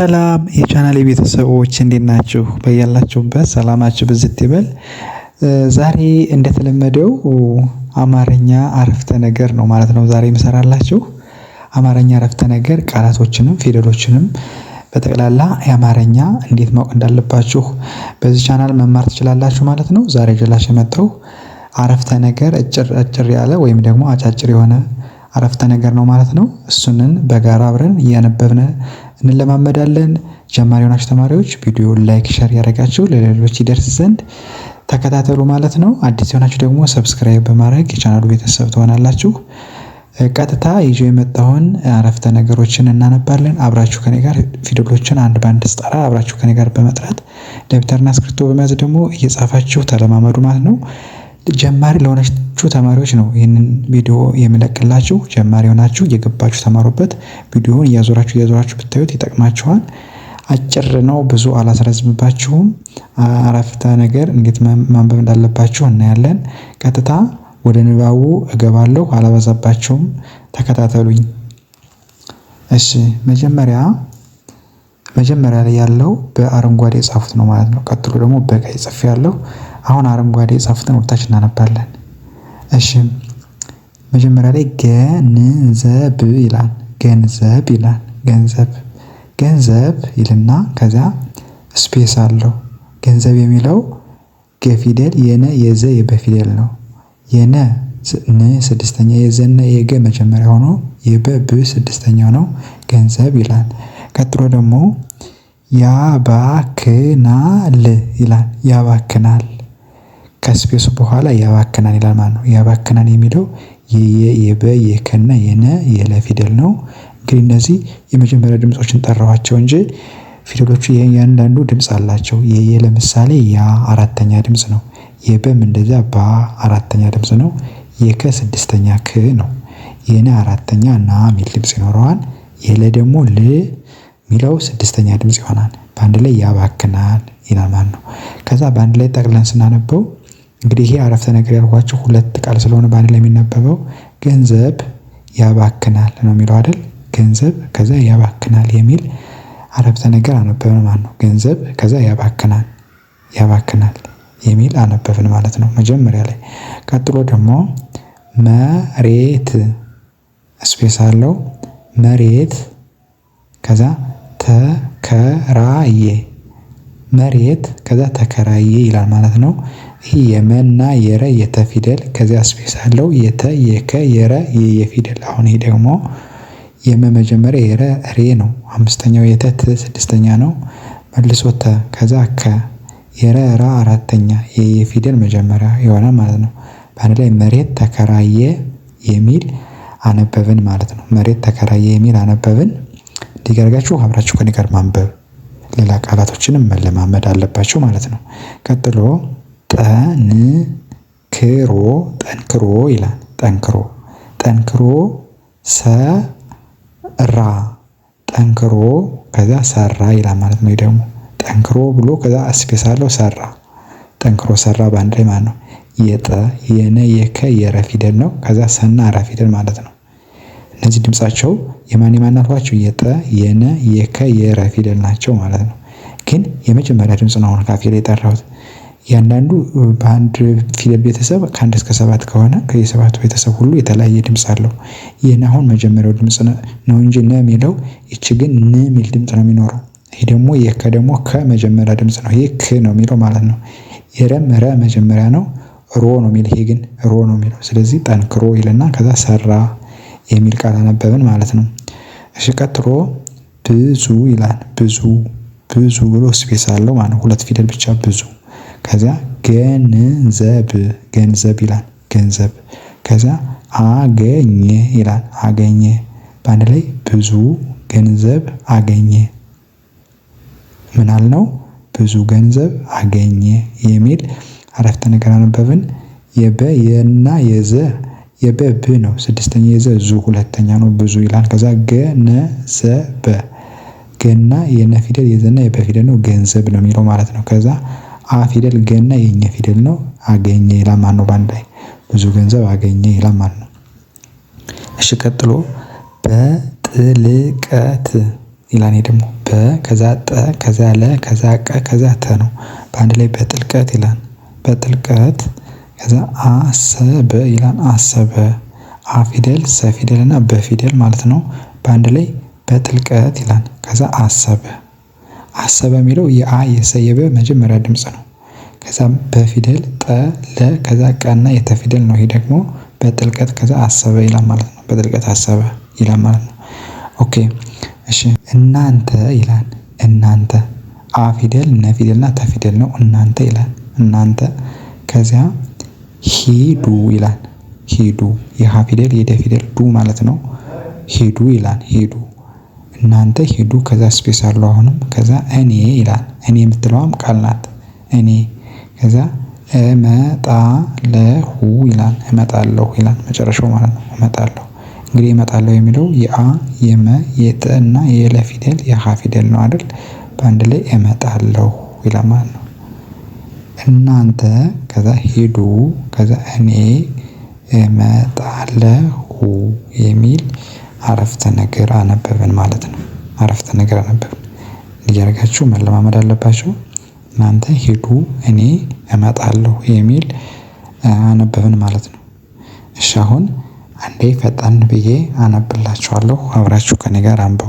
ሰላም የቻናል ቤተሰቦች እንዴት ናችሁ? በያላችሁበት ሰላማችሁ ብዝት ይበል። ዛሬ እንደተለመደው አማርኛ አረፍተ ነገር ነው ማለት ነው። ዛሬ የምሰራላችሁ አማርኛ አረፍተ ነገር ቃላቶችንም ፊደሎችንም በጠቅላላ የአማርኛ እንዴት ማወቅ እንዳለባችሁ በዚህ ቻናል መማር ትችላላችሁ ማለት ነው። ዛሬ ጀላሽ የመጣው አረፍተ ነገር አጭር አጭር ያለ ወይም ደግሞ አጫጭር የሆነ አረፍተ ነገር ነው ማለት ነው። እሱንን በጋራ አብረን እያነበብን እንለማመዳለን። ጀማሪ የሆናችሁ ተማሪዎች ቪዲዮውን ላይክ፣ ሸር ያደረጋችሁ ለሌሎች ይደርስ ዘንድ ተከታተሉ ማለት ነው። አዲስ የሆናችሁ ደግሞ ሰብስክራይብ በማድረግ የቻናሉ ቤተሰብ ትሆናላችሁ። ቀጥታ ይዞ የመጣውን አረፍተ ነገሮችን እናነባለን። አብራችሁ ከኔ ጋር ፊደሎችን አንድ በአንድ ስጠራ አብራችሁ ከኔ ጋር በመጥራት ደብተርና እስክሪብቶ በመያዝ ደግሞ እየጻፋችሁ ተለማመዱ ማለት ነው። ጀማሪ ለሆነች ለሌሎቹ ተማሪዎች ነው ይህንን ቪዲዮ የምለቅላችሁ። ጀማሪ ሆናችሁ እየገባችሁ ተማሩበት። ቪዲዮውን እያዞራችሁ እያዞራችሁ ብታዩት ይጠቅማችኋል። አጭር ነው፣ ብዙ አላስረዝምባችሁም። አረፍተ ነገር እንዴት ማንበብ እንዳለባችሁ እናያለን። ቀጥታ ወደ ንባቡ እገባለሁ፣ አላበዛባችሁም። ተከታተሉኝ። እሺ መጀመሪያ መጀመሪያ ላይ ያለው በአረንጓዴ የጻፉት ነው ማለት ነው። ቀጥሎ ደግሞ በቀይ ጽፍ ያለው አሁን አረንጓዴ የጻፉትን ወደታች እናነባለን። እሺ መጀመሪያ ላይ ገንዘብ ይላል ገንዘብ ይላል ገንዘብ ገንዘብ ይልና ከዛ ስፔስ አለው ገንዘብ የሚለው ገፊደል የነ የዘ የበፊደል ነው። የነ ን ስድስተኛ የዘነ የገ መጀመሪያ ሆኖ የበብ ስድስተኛው ነው ገንዘብ ይላል። ቀጥሎ ደግሞ ያባክናል ይላል ያባክናል ከስፔሱ በኋላ ያባክናን ይላል ማለት ነው። ያባክናን የሚለው የየ የበ የከና የነ የለ ፊደል ነው። እንግዲህ እነዚህ የመጀመሪያ ድምፆችን ጠራኋቸው እንጂ ፊደሎቹ የእያንዳንዱ ድምፅ አላቸው። የየ ለምሳሌ ያ አራተኛ ድምፅ ነው። የበም እንደዚያ ባ አራተኛ ድምፅ ነው። የከ ስድስተኛ ክ ነው። የነ አራተኛ ና ሚል ድምፅ ይኖረዋል። የለ ደግሞ ል ሚለው ስድስተኛ ድምፅ ይሆናል። በአንድ ላይ ያባክናል ይላል ማለት ነው። ከዛ በአንድ ላይ ጠቅለን ስናነበው እንግዲህ ይሄ አረፍተ ነገር ያልኳችሁ ሁለት ቃል ስለሆነ በአንድ ላይ የሚነበበው ገንዘብ ያባክናል ነው የሚለው አይደል? ገንዘብ ከዛ ያባክናል የሚል አረፍተ ነገር አነበብን ማለት ነው። ገንዘብ ከዛ ያባክናል ያባክናል የሚል አነበብን ማለት ነው መጀመሪያ ላይ። ቀጥሎ ደግሞ መሬት ስፔስ አለው መሬት ከዛ ተከራየ መሬት ከዛ ተከራየ ይላል ማለት ነው። ይህ የመና የረ የተ ፊደል ከዚያ ስፔስ አለው። የተ የከ የረ የየ ፊደል። አሁን ይሄ ደግሞ የመ መጀመሪያ የረ ሬ ነው። አምስተኛው የተ ት ስድስተኛ ነው። መልሶ ተ ከዛ ከ የረ ራ አራተኛ የየ ፊደል መጀመሪያ የሆነ ማለት ነው። በአንድ ላይ መሬት ተከራየ የሚል አነበብን ማለት ነው። መሬት ተከራየ የሚል አነበብን። እንዲገርጋችሁ አብራችሁ ከኔ ጋር ማንበብ ሌላ ቃላቶችንም መለማመድ አለባችሁ ማለት ነው። ቀጥሎ ጠንክሮ ጠንክሮ ይላል ጠንክሮ ጠንክሮ ሰራ ጠንክሮ ከዛ ሰራ ይላል ማለት ነው። ደግሞ ጠንክሮ ብሎ ከዛ ስፔስ አለው ሰራ ጠንክሮ ሰራ በአንድ ላይ ማለት ነው። የጠ የነ የከ የረ ፊደል ነው ከዛ ሰና ራ ፊደል ማለት ነው። እነዚህ ድምፃቸው የማን የማናቷቸው የጠ የነ የከ የረ ፊደል ናቸው ማለት ነው። ግን የመጀመሪያ ድምፅ ነው ካፌ ላይ የጠራሁት እያንዳንዱ በአንድ ፊደል ቤተሰብ ከአንድ እስከ ሰባት ከሆነ ከየሰባቱ ቤተሰብ ሁሉ የተለያየ ድምፅ አለው። ይህን አሁን መጀመሪያው ድምፅ ነው እንጂ ነ የሚለው ይች ግን ን የሚል ድምፅ ነው የሚኖረው። ይሄ ደግሞ ይህ ከ ደግሞ ከመጀመሪያ ድምፅ ነው ይሄ ክ ነው የሚለው ማለት ነው። የረም ረ መጀመሪያ ነው ሮ ነው የሚል ይሄ ግን ሮ ነው የሚለው ስለዚህ ጠንክሮ ይልና ከዛ ሰራ የሚል ቃል አነበብን ማለት ነው። እሺ ቀጥሮ ብዙ ይላል ብዙ ብዙ ብሎ ስፔስ አለው ማለት ነው። ሁለት ፊደል ብቻ ብዙ ከዚያ ገንዘብ ገንዘብ ይላል ገንዘብ ከዚያ አገኘ ይላል አገኘ በአንድ ላይ ብዙ ገንዘብ አገኘ ምናል ነው ብዙ ገንዘብ አገኘ የሚል አረፍተ ነገር አነበብን። የበ የና የዘ የበ ብ ነው ስድስተኛ የዘ ዙ ሁለተኛ ነው ብዙ ይላል። ከዛ ገነዘበ ገና የነ ፊደል የዘና የበ ፊደል ነው ገንዘብ ነው የሚለው ማለት ነው። ከዛ አ ፊደል ገና የኘ ፊደል ነው። አገኘ ይላል ማለት ነው። በአንድ ላይ ብዙ ገንዘብ አገኘ ይላል ነው። እሺ ቀጥሎ በጥልቀት ይላኔ ይሄ ደግሞ በ ከዛ ጠ ከዛ ለ ከዛ ቀ ከዛ ተ ነው። በአንድ ላይ በጥልቀት ይላል። በጥልቀት ከዛ አሰበ ይላል። አሰበ አ ፊደል ሰ ፊደል እና በ ፊደል ማለት ነው። በአንድ ላይ በጥልቀት ይላል። ከዛ አሰበ አሰበ የሚለው የአ የሰየበ መጀመሪያ ድምፅ ነው። ከዛ በፊደል ጠ ለ ከዛ ቀና የተፊደል ነው። ይሄ ደግሞ በጥልቀት ከዛ አሰበ ይላል ማለት ነው። በጥልቀት አሰበ ይላል ማለት ነው። ኦኬ እሺ፣ እናንተ ይላል። እናንተ አ ፊደል ነ ፊደልና ተ ፊደል ነው። እናንተ ይላል። እናንተ ከዚያ ሂዱ ይላል። ሂዱ የሀ ፊደል የደ ፊደል ዱ ማለት ነው። ሂዱ ይላል። ሂዱ እናንተ ሂዱ ከዛ ስፔስ አለው አሁንም ከዛ እኔ ይላል እኔ የምትለዋም ቃል ናት እኔ ከዛ እመጣለሁ ይላል እመጣለሁ ይላል መጨረሻው ማለት ነው እመጣለሁ እንግዲህ እመጣለሁ የሚለው የአ የመ የጠ እና የለ ፊደል የሀ ፊደል ነው አይደል በአንድ ላይ እመጣለሁ ይላል ማለት ነው እናንተ ከዛ ሂዱ ከዛ እኔ እመጣለሁ የሚል አረፍተ ነገር አነበብን ማለት ነው። አረፍተ ነገር አነበብን እያደረጋችሁ መለማመድ አለባችሁ። እናንተ ሂዱ፣ እኔ እመጣለሁ የሚል አነበብን ማለት ነው። እሺ አሁን አንዴ ፈጠን ብዬ አነብላችኋለሁ። አብራችሁ ከኔ ጋር አንብቡ።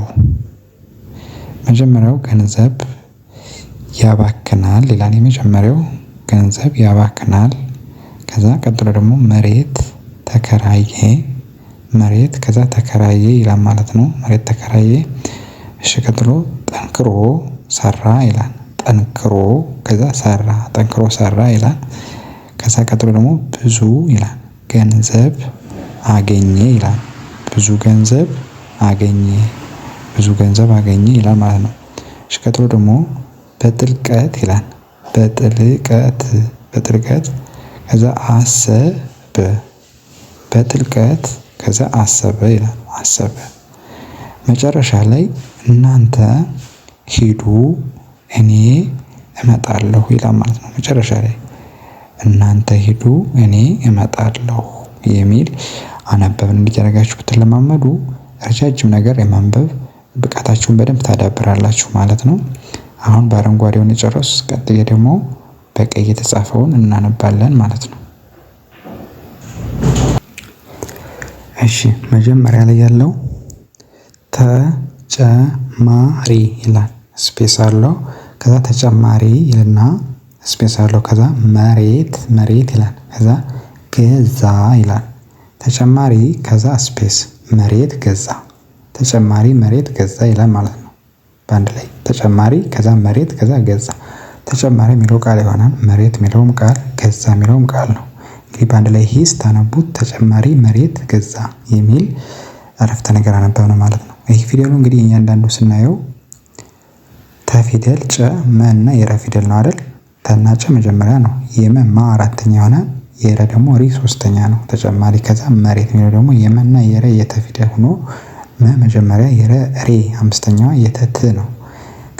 መጀመሪያው ገንዘብ ያባክናል ይላል። የመጀመሪያው ገንዘብ ያባክናል። ከዛ ቀጥሎ ደግሞ መሬት ተከራየ መሬት ከዛ ተከራየ ይላል ማለት ነው። መሬት ተከራየ። እሺ ቀጥሎ ጠንክሮ ሰራ ይላል። ጠንክሮ ከዛ ሰራ ጠንክሮ ሰራ ይላል። ከዛ ቀጥሎ ደግሞ ብዙ ይላል ገንዘብ አገኘ ይላል። ብዙ ገንዘብ አገኘ ብዙ ገንዘብ አገኘ ይላል ማለት ነው። እሺ ቀጥሎ ደግሞ በጥልቀት ይላል በጥልቀት በጥልቀት ከዛ አሰበ በጥልቀት ከዛ አሰበ ይላል። አሰበ መጨረሻ ላይ እናንተ ሂዱ እኔ እመጣለሁ ይላል ማለት ነው። መጨረሻ ላይ እናንተ ሂዱ እኔ እመጣለሁ የሚል አነበብን። እንዲህ ብትለማመዱ ረጃጅም ነገር የማንበብ ብቃታችሁን በደንብ ታዳብራላችሁ ማለት ነው። አሁን በአረንጓዴውን የጨረሱ ቀጥዬ ደግሞ በቀይ የተጻፈውን እናነባለን ማለት ነው። እሺ መጀመሪያ ላይ ያለው ተጨማሪ ይላል ስፔስ አለው። ከዛ ተጨማሪ ይልና ስፔስ አለው። ከዛ መሬት መሬት ይላል። ከዛ ገዛ ይላል። ተጨማሪ ከዛ ስፔስ መሬት ገዛ። ተጨማሪ መሬት ገዛ ይላል ማለት ነው። በአንድ ላይ ተጨማሪ ከዛ መሬት ከዛ ገዛ። ተጨማሪ የሚለው ቃል ይሆናል። መሬት የሚለውም ቃል ገዛ የሚለውም ቃል ነው። እንግዲህ በአንድ ላይ ይሄ ስታነቡት ተጨማሪ መሬት ገዛ የሚል አረፍተ ነገር አነበብን ማለት ነው። ይህ ፊደሉ እንግዲህ እያንዳንዱ ስናየው ተፊደል ጨ፣ መ እና የረ ፊደል ነው አይደል? ተና ጨ መጀመሪያ ነው። ማ አራተኛ የሆነ የረ ደግሞ ሪ ሶስተኛ ነው ተጨማሪ። ከዛ መሬት የሚለው ደግሞ የመና የረ የተፊደል ሆኖ መ መጀመሪያ የረ ሬ አምስተኛዋ የተት ነው።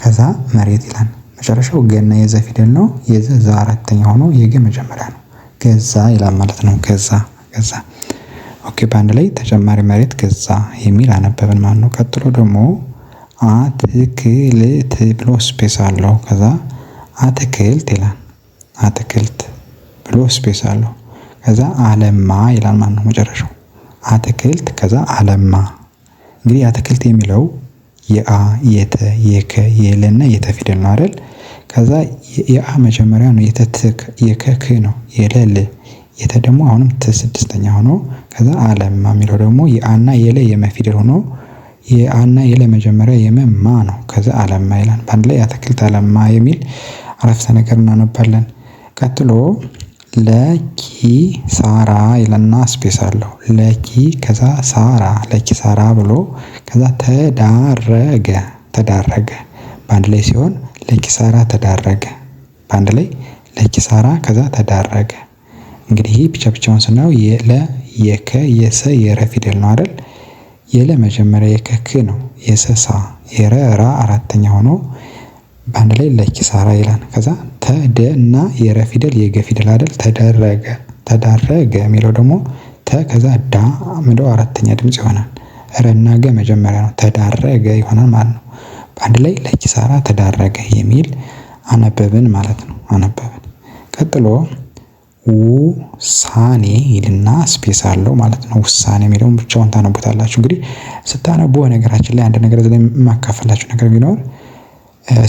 ከዛ መሬት ይላል። መጨረሻው ገና የዘ ፊደል ነው። የዘ ዘ አራተኛ ሆኖ የገ መጀመሪያ ነው። ገዛ ይላል ማለት ነው። ገዛ ገዛ ኦኬ በአንድ ላይ ተጨማሪ መሬት ገዛ የሚል አነበብን ማለት ነው። ቀጥሎ ደግሞ አትክልት ብሎ ስፔስ አለው ከዛ አትክልት ይላል አትክልት ብሎ ስፔስ አለው ከዛ አለማ ይላል ማለት ነው። መጨረሻው አትክልት ከዛ አለማ እንግዲህ አትክልት የሚለው የአ የተ የከ የለና የተ ፊደል ነው አይደል ከዛ የአ መጀመሪያ ነው የተትክ የከክ ነው የለል የተ ደግሞ አሁንም ት ስድስተኛ ሆኖ ከዛ አለማ የሚለው ደግሞ የአና የለ የመፊደል ሆኖ የአና የለ መጀመሪያ የመማ ነው። ከዛ አለማ ይላል። በአንድ ላይ የአትክልት አለማ የሚል አረፍተ ነገር እናነባለን። ቀጥሎ ለኪሳራ ይለና ስፔስ አለው። ለኪ ከዛ ሳራ ሳራ ብሎ ከዛ ተዳረገ ተዳረገ በአንድ ላይ ሲሆን ለኪሳራ ተዳረገ። በአንድ ላይ ለኪሳራ ከዛ ተዳረገ። እንግዲህ ይህ ብቻ ብቻውን ስናየው የለ የከ የሰ የረ ፊደል ነው አይደል? የለ መጀመሪያ የከክ ነው። የሰሳ የረ ራ አራተኛ ሆኖ በአንድ ላይ ለኪሳራ ይላል። ከዛ ተደ እና የረ ፊደል የገ ፊደል አይደል? ተደረገ ተዳረገ የሚለው ደግሞ ተ ከዛ ዳ ምደው አራተኛ ድምጽ ይሆናል። እና ገ መጀመሪያ ነው። ተዳረገ ይሆናል ማለት ነው። በአንድ ላይ ለኪሳራ ተዳረገ የሚል አነበብን ማለት ነው። አነበብን ቀጥሎ ውሳኔ ይልና ስፔስ አለው ማለት ነው። ውሳኔ የሚለውን ብቻውን ታነቡታላችሁ። እንግዲህ ስታነቡ ነገራችን ላይ አንድ ነገር ላይ የማካፈላችሁ ነገር ቢኖር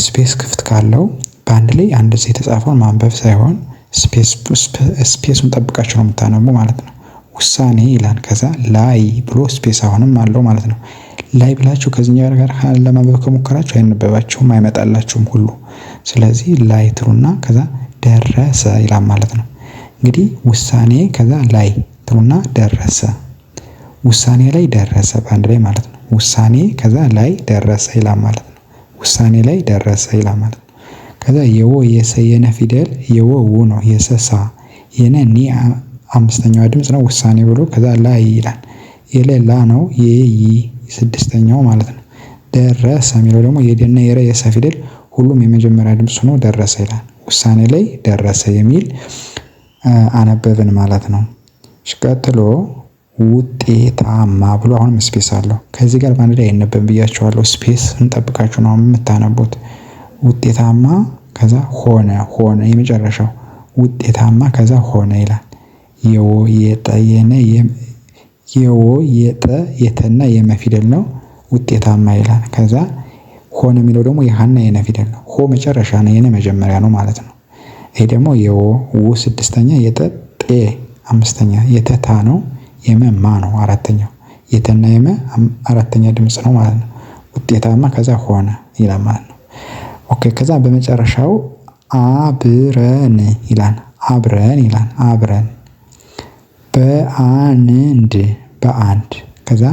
ስፔስ ክፍት ካለው በአንድ ላይ አንድ ሰው የተጻፈውን ማንበብ ሳይሆን ስፔሱን ጠብቃችሁ ነው የምታነቡ ማለት ነው። ውሳኔ ይላል። ከዛ ላይ ብሎ ስፔስ አሁንም አለው ማለት ነው። ላይ ብላችሁ ከዚህኛው ጋር ለማንበብ ከሞከራችሁ አይነበባችሁም፣ አይመጣላችሁም ሁሉ። ስለዚህ ላይ ትሩና ከዛ ደረሰ ይላል ማለት ነው። እንግዲህ ውሳኔ ከዛ ላይ ትሩና ደረሰ፣ ውሳኔ ላይ ደረሰ በአንድ ላይ ማለት ነው። ውሳኔ ከዛ ላይ ደረሰ ይላል ማለት ነው። ውሳኔ ላይ ደረሰ ይላል ማለት ነው። ከዛ የወ የሰ የነ ፊደል የወ ው ነው የሰሳ የነ ኒ አምስተኛዋ ድምፅ ነው። ውሳኔ ብሎ ከዛ ላይ ይላል። የሌላ ነው የይ ስድስተኛው ማለት ነው። ደረሰ የሚለው ደግሞ የደና የረ የሰ ፊደል ሁሉም የመጀመሪያ ድምፅ ሆኖ ደረሰ ይላል። ውሳኔ ላይ ደረሰ የሚል አነበብን ማለት ነው። ቀጥሎ ውጤታማ ብሎ አሁንም ስፔስ አለው። ከዚህ ጋር በአንድ ላይ አይነበብም ብያቸዋለሁ። ስፔስ እንጠብቃችሁ ነው የምታነቡት። ውጤታማ ከዛ ሆነ ሆነ የመጨረሻው ውጤታማ ከዛ ሆነ ይላል። የጠየነ የወ የጠ የተና የመፊደል ነው። ውጤታማ ይላል። ከዛ ሆነ የሚለው ደግሞ የሃና የነ ፊደል ነው። ሆ መጨረሻ ነው፣ የነ መጀመሪያ ነው ማለት ነው። ይሄ ደግሞ የወ ው ስድስተኛ፣ የጠ ጤ አምስተኛ፣ የተታ ነው፣ የመማ ነው አራተኛው። የተና የመ አራተኛ ድምፅ ነው ማለት ነው። ውጤታማ ከዛ ሆነ ይላል ማለት ነው። ኦኬ ከዛ በመጨረሻው አብረን ይላል። አብረን ይላል። አብረን በአንድ በአንድ ከዛ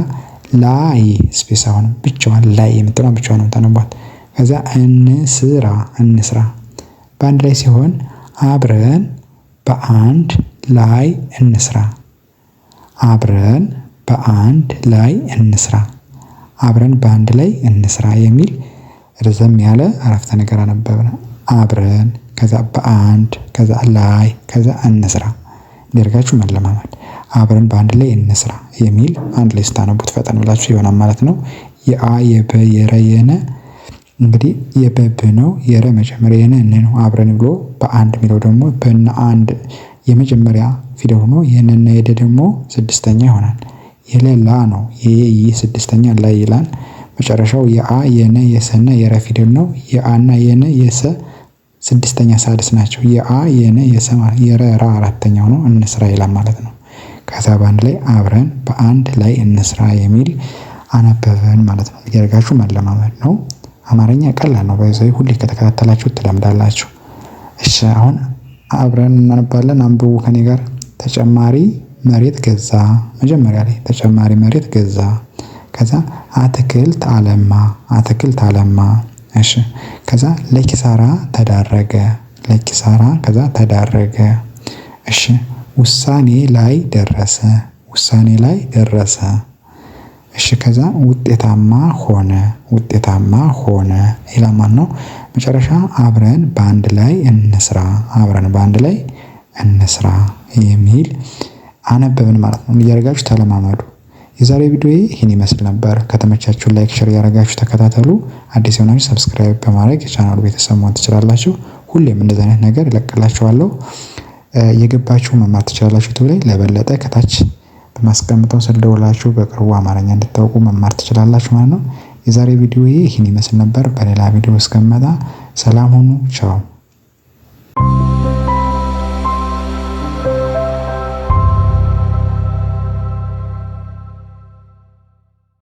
ላይ ስፔስ አሁን ብቻዋን ላይ የምትለዋ ብቻዋን ነው የምታነቧት። ከዛ እንስራ እንስራ በአንድ ላይ ሲሆን አብረን በአንድ ላይ እንስራ አብረን በአንድ ላይ እንስራ አብረን በአንድ ላይ እንስራ የሚል ረዘም ያለ አረፍተ ነገር አነበብን። አብረን ከዛ በአንድ ከዛ ላይ ከዛ እንስራ እንዲያደርጋችሁ መለማመድ አብረን በአንድ ላይ እንስራ የሚል አንድ ላይ ስታነቡት ፈጠን ብላችሁ ይሆናል ማለት ነው። የአ የበ የረ የነ እንግዲህ የበብ ነው የረ መጀመሪያ የነ እነ ነው አብረን ብሎ በአንድ የሚለው ደግሞ በነ አንድ የመጀመሪያ ፊደል ሆኖ የነና የደ ደግሞ ስድስተኛ ይሆናል። የለላ ነው የይ ስድስተኛ ላይ ይላል። መጨረሻው የአ የነ የሰና የረ ፊደል ነው። የአና የነ የሰ ስድስተኛ ሳድስ ናቸው። የአ የነ የሰማ የረራ አራተኛው ነው እንስራ ይላል ማለት ነው። ከዛ በአንድ ላይ አብረን በአንድ ላይ እንስራ የሚል አነበበን ማለት ነው። እያደረጋችሁ መለማመድ ነው። አማርኛ ቀላል ነው። በዚህ ሁሌ ከተከታተላችሁ ትለምዳላችሁ። እሺ አሁን አብረን እናነባለን። አንብቡ ከኔ ጋር። ተጨማሪ መሬት ገዛ። መጀመሪያ ላይ ተጨማሪ መሬት ገዛ። ከዛ አትክልት አለማ። አትክልት አለማ እሺ ከዛ ለኪሳራ ተዳረገ ለኪሳራ ከዛ ተዳረገ። እሺ ውሳኔ ላይ ደረሰ ውሳኔ ላይ ደረሰ። እሺ ከዛ ውጤታማ ሆነ ውጤታማ ሆነ ሌላ ነው። መጨረሻ አብረን በአንድ ላይ እንስራ አብረን በአንድ ላይ እንስራ የሚል አነበብን ማለት ነው። እያደረጋችሁ ተለማመዱ የዛሬ ቪዲዮ ይህን ይመስል ነበር። ከተመቻችሁ ላይክ፣ ሸር ያደረጋችሁ ተከታተሉ። አዲስ የሆናችሁ ሰብስክራይብ በማድረግ የቻናሉ ቤተሰብ መሆን ትችላላችሁ። ሁሌም እንደዚህ አይነት ነገር ይለቅላችኋለሁ። የገባችሁ መማር ትችላላችሁ። ዩቱብ ላይ ለበለጠ ከታች በማስቀምጠው ስልክ ደውላችሁ በቅርቡ አማርኛ እንድታውቁ መማር ትችላላችሁ ማለት ነው። የዛሬ ቪዲዮ ይህን ይመስል ነበር። በሌላ ቪዲዮ እስከመጣ ሰላም ሁኑ። ቻው